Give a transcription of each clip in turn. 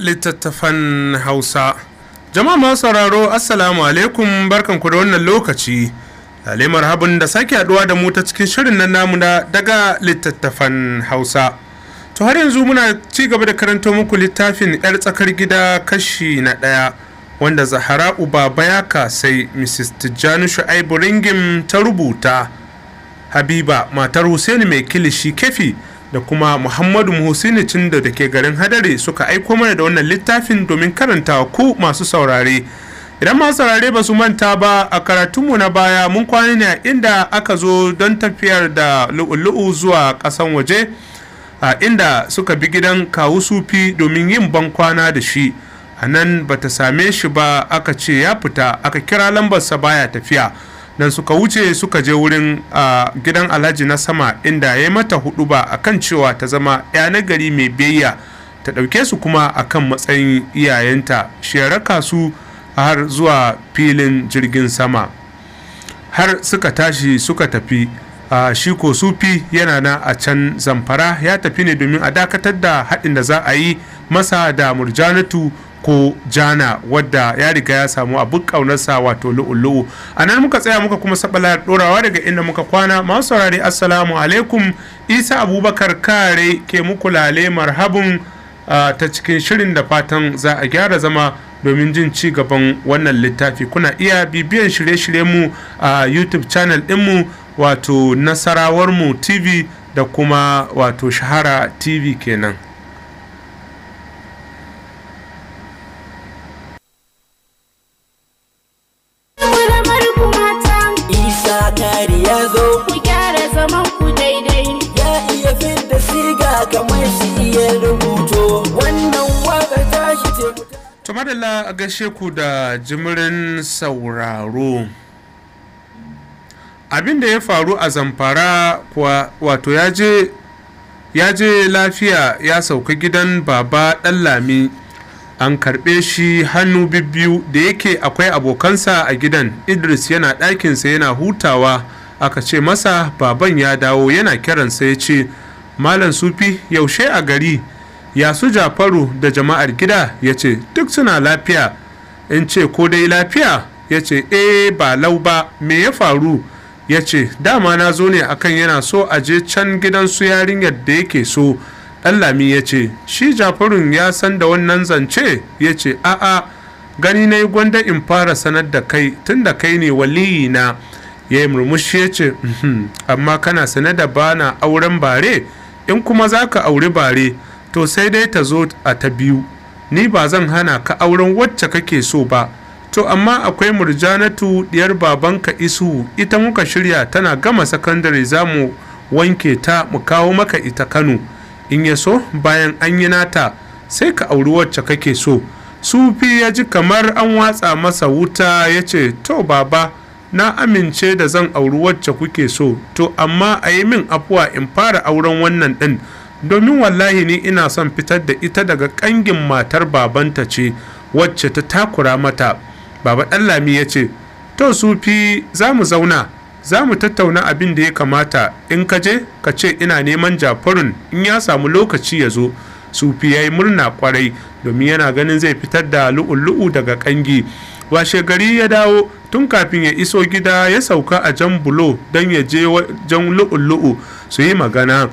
littattafan Hausa. Jama'a masu sauraro Assalamu alaikum barkanku da wannan lokaci. Lale marhabin da sake haɗuwa da mu ta cikin shirin nan namuna daga littattafan Hausa. To har yanzu muna ci gaba da karanto muku littafin 'yar tsakar gida kashi na ɗaya wanda Zahara Uba Bayaka sai Mrs. Tijjani Shu'aibu Ringim ta rubuta. Habiba matar Hussein mai kilishi kefi da kuma muhammadu muhusini cindo da ke garin hadari suka aiko mana da wannan littafin domin karantawa ku masu saurare idan masu saurare ba su manta ba a karatunmu na baya mun kwana ne a inda aka zo don tafiyar da lu'ulu'u zuwa ƙasan waje a inda suka bi gidan kawu sufi domin yin ban kwana da shi a nan ba ta same shi ba aka ce ya fita aka kira lambarsa baya tafiya nan suka wuce suka je wurin a gidan alhaji na sama inda ya mata hudu ba kan cewa ta zama ya nagari mai biyayya ta ɗauke su kuma a kan matsayin iyayenta shi su har zuwa filin jirgin sama har suka tashi suka tafi a shi ko sufi yana na a can zamfara ya tafi ne domin a dakatar da haɗin da za a yi masa da murjanatu ko jana wadda ya riga ya samu abu kaunarsa wato lu'ulu'u a nan muka tsaya muka kuma sabala dorawa daga inda muka kwana masu saurari assalamu alaikum isa abubakar kare ke muku lale marhabin ta cikin shirin da fatan za a gyara zama domin jin ci gaban wannan littafi kuna iya bibiyan shirye-shirye mu a youtube channel dinmu wato nasarawar mu tv da kuma wato shahara tv kenan Bala a gashe ku da jimirin sauraro abin da ya faru a zamfara kuwa wato ya je lafiya ya sauka gidan baba ɗanlami an karɓe shi hannu bibbiyu da yake akwai abokansa a gidan idris yana ɗakinsa yana hutawa aka ce masa baban ya dawo yana kiransa ya ce malam sufi yaushe a gari yasu jafaru da jama'ar gida ya ce duk suna lafiya in ce ko dai lafiya ya ce eh ba lau ba me ya faru ya ce dama na zo ne akan yana so a je can gidan su yarinyar da yake so ɗanlami ya ce shi jafarun ya san da wannan zance ya ce a'a gani na yi gwanda in fara sanar da kai tun da kai ne waliyi na ya yi murmushi ya ce uhm, amma kana sanar da bana auren bare in kuma zaka ka auri bare to sai dai ta zo a ta biyu ni ba zan hana ka auren wacce kake so ba to amma akwai murjanatu diyar babanka isu ita muka shirya tana gama sakandare za mu wanke ta mu kawo maka ita kano in ya so bayan an yi nata sai ka auri wacce kake so sufi ya ji kamar an watsa masa wuta ya ce to baba na amince da zan auri wacce kuke so to amma a yi min afuwa in fara auren wannan ɗin domin wallahi ni ina son fitar da ita daga ƙangin matar babanta ce wacce ta takura mata baba ɗanlami ya ce to sufi za mu zauna za mu tattauna abin da ya kamata in ka je ka ce ina neman jafarun in ya samu lokaci ya zo sufi ya yi murna kwarai domin yana ganin zai fitar da lu'ulu'u daga kangi washe gari ya dawo tun kafin ya iso gida ya sauka a jan bulo don ya je jan lu'ulu'u su yi magana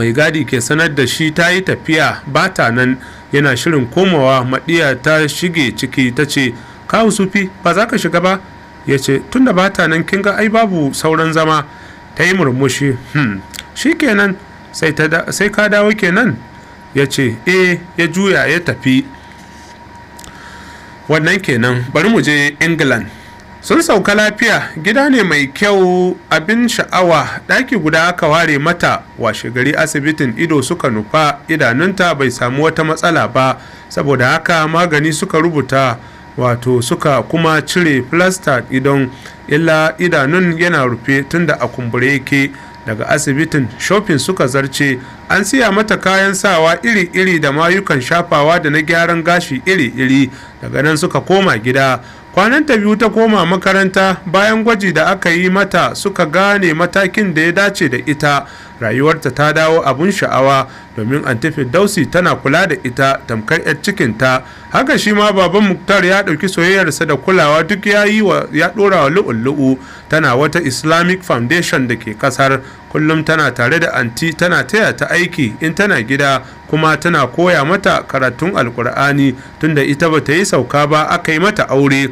mai gadi ke sanar da shi ta yi tafiya ba ta nan yana shirin komawa maɗiya ta shige ciki ta ce kawo sufi ba za ka shiga ba ya ce da ba ta nan kin ga ai babu sauran zama ta yi murmushi hmm. shi kenan sai ka dawo kenan ya ce eh ya juya ya tafi wannan kenan bari mu je england sun sauka lafiya gida ne mai kyau abin sha'awa ɗaki guda aka ware mata washe gari asibitin ido suka nufa idanunta bai samu wata matsala ba saboda haka magani suka rubuta wato suka kuma cire filasta idon illa idanun yana rufe tunda a kumbure yake daga asibitin shopping suka zarce an siya mata kayan sawa iri-iri da mayukan shafawa da na gyaran gashi iri-iri daga nan suka koma gida ta biyu ta koma makaranta bayan gwaji da aka yi mata suka gane matakin da ya dace da ita rayuwarta ta dawo abun sha'awa domin tafi dausi tana kula da ita tamkar 'yar cikinta haka shi ma baban muktar ya ɗauki soyayyarsa da kulawa duk ya yi wa ya ɗora wa lu'ulu'u tana wata islamic foundation da ke kasar kullum tana tare da anti tana taya ta aiki in tana gida kuma tana koya mata karatun alkur'ani tunda ita bata yi sauka ba aka yi mata aure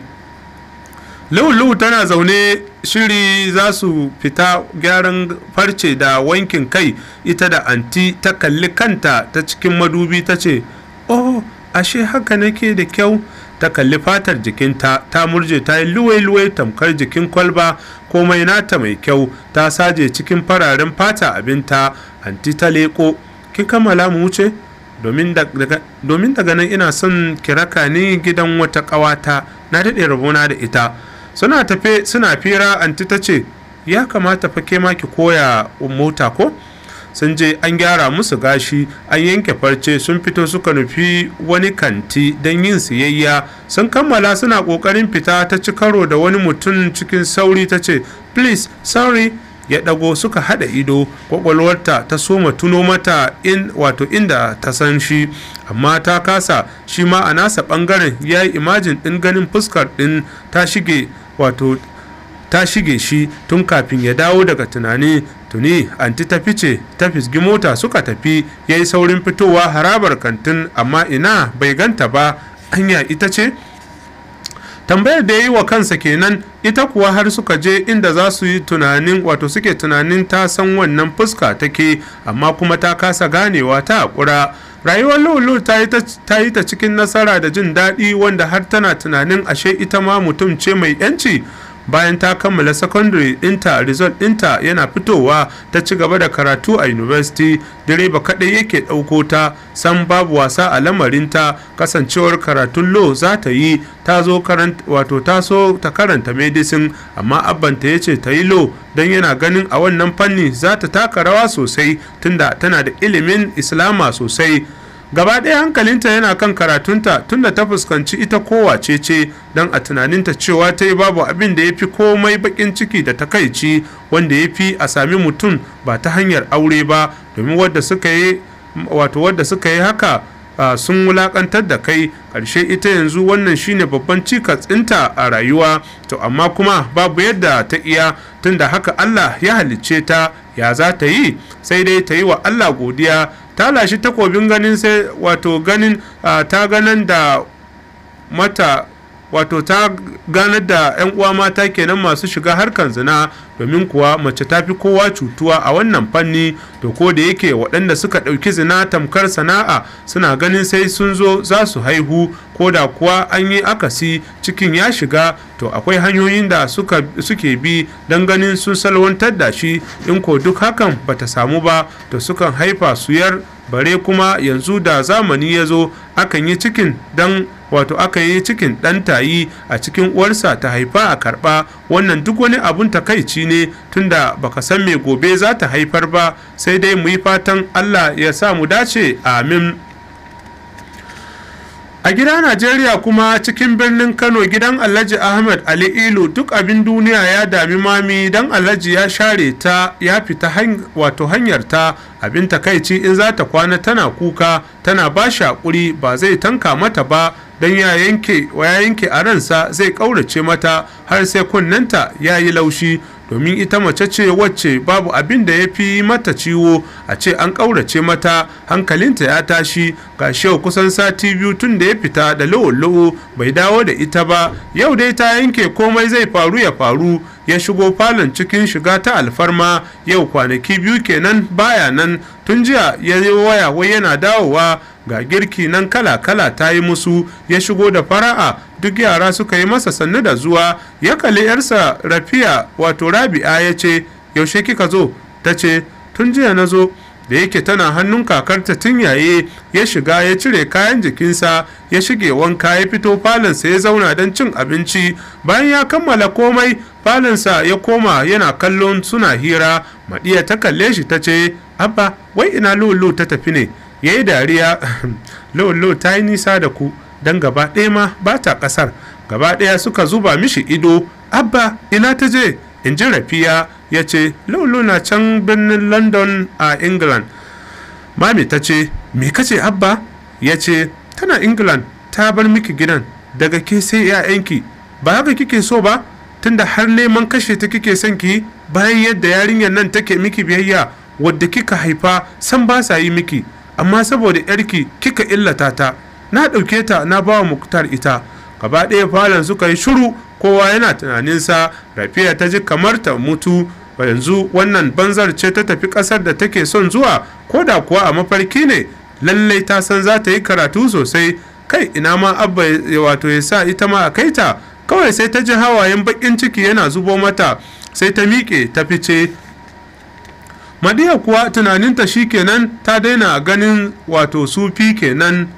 lulu tana zaune shiri za su fita gyaran farce da wankin kai ita da anti ta kalli kanta ta cikin madubi ta ce oh ashe haka nake da kyau ta kalli fatar jikinta ta murje ta yi luwai-luwai tamkar jikin kwalba komai nata mai kyau ta saje cikin fararen fata abinta anti ta leko ki kammala mu wuce domin daga nan ina son kiraka ne gidan wata ƙawata na daɗe rabona da ita suna tafe suna fira anti ta ce ya kamata fa ke ma ki koya mota ko sun je an gyara musu gashi an yanke farce sun fito suka nufi wani kanti don yin siyayya sun kammala suna kokarin fita ta ci karo da wani mutum cikin sauri ta ce please sorry ya ɗago suka hada ido kwakwalwarta ta soma tuno mata in wato inda ta san shi amma ta kasa shi ma a nasa bangaren ya yi imajin din ganin fuskar din ta shige wato ta shige shi tun kafin ya dawo daga tunani tuni anti ta fice ta fisgi mota suka tafi ya yi saurin fitowa harabar kantin amma ina bai ganta ba hanya ita ce tambayar da ya yi wa kansa kenan ita kuwa har suka je inda za su yi tunanin wato suke tunanin ta san wannan fuska take amma kuma ta kasa ganewa ta haƙura rayuwar lulu ta yi ta cikin nasara da jin daɗi wanda har tana tunanin ashe ita ma mutum ce mai 'yanci bayan ta kammala secondary ɗinta result ɗinta yana fitowa ta ci gaba da karatu a university direba kadai yake ɗauko ta san babu wasa a lamarinta kasancewar karatun lo za ta yi ta zo wato ta so ta karanta medicine amma abbanta ya ce ta yi lo don yana ganin a wannan fanni za ta taka rawa sosai tunda tana da ilimin islama sosai gaba ɗaya hankalinta yana kan karatunta tunda ta fuskanci ita kowa ce don a tunaninta cewa ta yi babu abin da ya fi komai baƙin ciki da takaici wanda ya fi a sami mutum ba ta hanyar aure ba domin wadda suka yi wato wadda suka yi haka sun wulakantar da kai ƙarshe ita yanzu wannan shine babban cikas ɗinta a rayuwa to amma kuma babu yadda ta iya tunda haka Allah ya halicce ta ya za ta yi sai dai ta yi wa Allah godiya ta lashi takobin ganin sai wato ganin ah, ta ganin da mata wato ta ganar da 'yan uwa mata kenan masu shiga harkar zina domin kuwa mace ta fi kowa cutuwa a wannan fanni to ko da yake waɗanda suka ɗauki zina tamkar sana'a suna ganin sai sun zo za su haihu ko da kuwa an yi akasi cikin ya shiga to akwai hanyoyin da suke bi don ganin sun salwantar da shi in ko duk hakan bata samu ba to sukan haifa su yar bare kuma yanzu da zamani ya zo akan yi cikin don wato aka yi cikin ɗan tayi a cikin uwarsa ta haifa a karɓa wannan duk wani abun takaici ne tunda baka san me gobe za ta haifar ba sai dai mu yi fatan allah ya sa mu dace amin a gida najeriya kuma cikin birnin kano gidan alhaji ahmed ali ilu duk abin duniya ya dami mami don alhaji ya share ta ya fita wato hanyar ta abin takaici in za ta kwana tana kuka tana ba shi haƙuri ba zai tanka mata ba don ya yanke wa ya yanke a ransa zai ƙaurace mata har sai kunnenta ya yi laushi domin ita mace ce wacce babu abin da ya fi mata ciwo a ce an ƙaurace mata hankalinta ya tashi ga shau kusan sati biyu tun da ya fita da lo'o-lo'o bai dawo da ita ba yau dai ta yanke komai zai faru ya faru ya shigo falon cikin shiga ta alfarma yau kwanaki biyu kenan baya nan tun jiya ya yi waya wai yana dawowa ga girki nan kala-kala ta yi musu ya shigo da fara'a duk yara suka yi masa sannu da zuwa ya kalli yarsa rafiya wato rabi'a ya ce yaushe kika zo ta ce tun jiya na zo da yake tana hannun kakarta tun yaye ya shiga ya cire kayan jikinsa ya shige wanka ya fito falonsa ya zauna don cin abinci bayan ya kammala komai falonsa ya koma yana kallon suna hira maɗiya ta kalle shi ta ce abba wai ina lulu ta tafi ne ya yi dariya lulu ta yi nisa da ku don gaba ɗaya ma ba ta ƙasar gaba ɗaya suka zuba mishi ido abba ina ta je in ji rafiya ya ce lulu na can birnin london a england mami ta ce me kace abba ya ce tana england ta bar miki gidan daga ke sai 'ya'yanki ba haka kike so ba tunda har neman kashe ta kike son ki bayan yadda yarinyar nan take miki biyayya wadda kika haifa san ba sa yi miki amma saboda yarki kika illata ta na ɗauke ta na bawa muktar ita gaba ɗaya falon suka yi shuru kowa yana tunaninsa rafiya ta ji kamar ta mutu ba yanzu wannan banzar ce ta tafi ƙasar da take son zuwa ko da kuwa a mafarki ne lallai ta san za ta yi karatu sosai kai ina ma abba ya wato ya sa ita ma a kai ta kawai sai ta ji hawayen bakin ciki yana zubo mata sai ta miƙe ta fice madiya kuwa tunaninta shi kenan ta daina ganin wato sufi kenan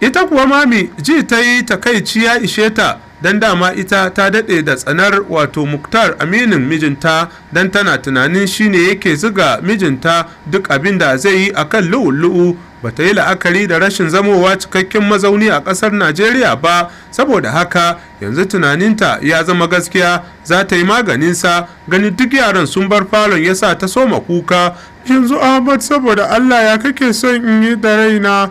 ita kuwa mami ji ta yi takaici ya ishe ta don dama ita ta daɗe da tsanar wato muktar aminin mijinta don tana tunanin shine yake zuga mijinta duk abin da zai yi a kan lu'u-lu'u ba ta yi la'akari da rashin zamowa cikakken mazauni a ƙasar najeriya ba saboda haka yanzu tunaninta ya zama gaskiya za ta yi maganinsa gani duk yaran sun bar falon ya sa ta soma kuka yanzu ahmad saboda allah ya kake son in yi da raina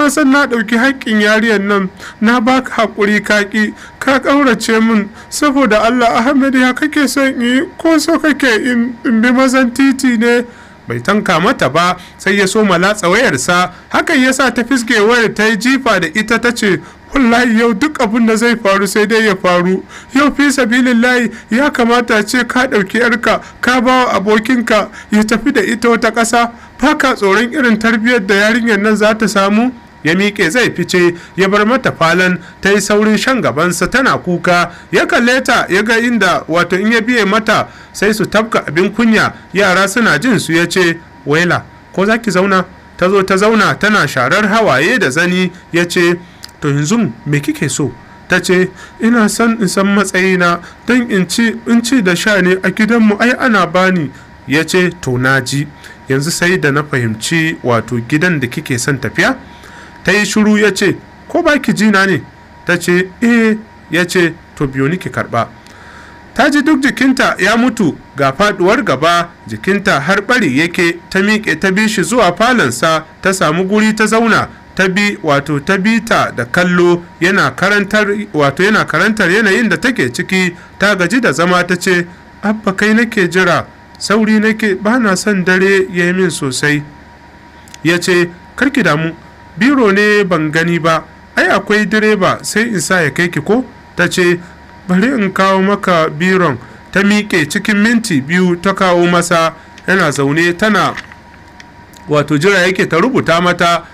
ka san na ɗauki haƙƙin yariyar nan na baka haƙuri kaƙi ka ƙaurace min saboda allah ahmed ya kake son yi ko so kake in bi mazan titi ne bai tanka mata ba sai ya soma latsa wayarsa hakan ya sa ta fiske wayar ta yi jifa da ita ta ce wallahi yau duk abin da zai faru sai dai ya faru yau fi sabilillahi ya kamata ce ka ɗauki yarka ka ba wa abokinka ya tafi da ita wata ƙasa baka tsoron irin tarbiyyar da yarinyar nan za ta samu ya miƙe zai fice ya bar mata falon ta yi saurin shan gabansa tana kuka ya kalle ta ya ga inda wato in ya biye mata sai su tabka abin kunya yara suna jin su ya ce waila ko za ki zauna ta zo ta zauna tana sharar hawaye da zani ya ce to yanzu me kike so ta ce ina son in san matsayina don in ci in ci da sha ne a gidanmu ai ana bani ya ce to na ji yanzu sai da na fahimci wato gidan da kike son tafiya ta yi shiru ya ce ko ba ki jina ne ta ce eh ya ce to biyo ni ki karɓa ta ji duk jikinta ya mutu ga faduwar gaba jikinta har bari yake ta miƙe ta bi shi zuwa falonsa ta samu guri ta zauna ta bi wato ta bi ta da kallo yana karantar wato yana karantar yanayin da take ciki ta gaji da zama ta ce abba kai nake jira sauri nake ba na son dare ya yi min sosai ya ce karki damu biro ne ban gani ba ai akwai direba sai in sa ya kai ki ko ta ce bari in kawo maka biron ta miƙe cikin minti biyu ta kawo masa yana zaune tana wato jira yake ta rubuta mata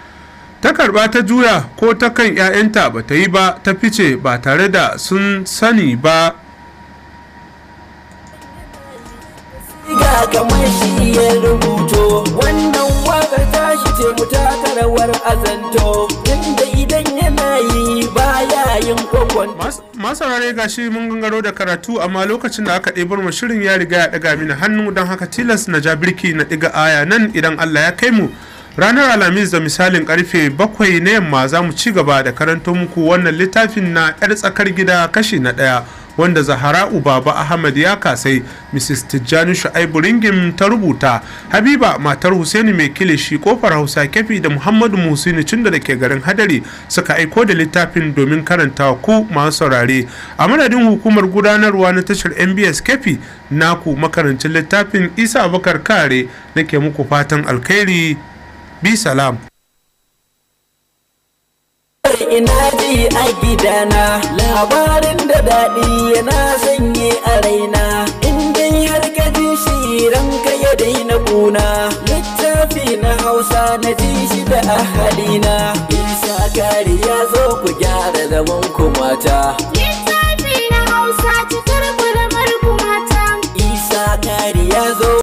ta karba ta juya ko ta kan 'ya'yanta ba ta yi ba ta fice ba tare da sun sani ba kamar shi ya rubuto wannan ce mu taka rawar azanto inda idan yana yi baya yin kokon masara ga gashi mun gangaro da karatu amma lokacin da aka ɗebar mu shirin ya riga ya ɗaga mini hannu don haka tilas na ja birki na ɗiga aya nan idan Allah ya kai mu. Ranar Alhamis da misalin karfe bakwai na yamma za mu ci gaba da karanto muku wannan littafin na 'yar tsakar gida kashi na ɗaya. wanda zahara'u baba ahmad ya kasai mrs tijjani shu'aibu ringin ta rubuta habiba matar husaini mai kilishi kofar hausa kefi da muhammadu muhsini tunda da ke garin hadari suka aiko da littafin domin karanta ku masu saurare a madadin hukumar gudanarwa na tashar mbs kefi naku makarancin littafin isa Bakar kare nake muku fatan alkhairi bi salam ina ji a gidana labarin da daɗi yana sanye a raina in dai har ka ji shi ranka ya daina kuna littafi na hausa na ji shi da ahalina isa kari ya zo ku gyara zaman ku mata littafi na hausa cikin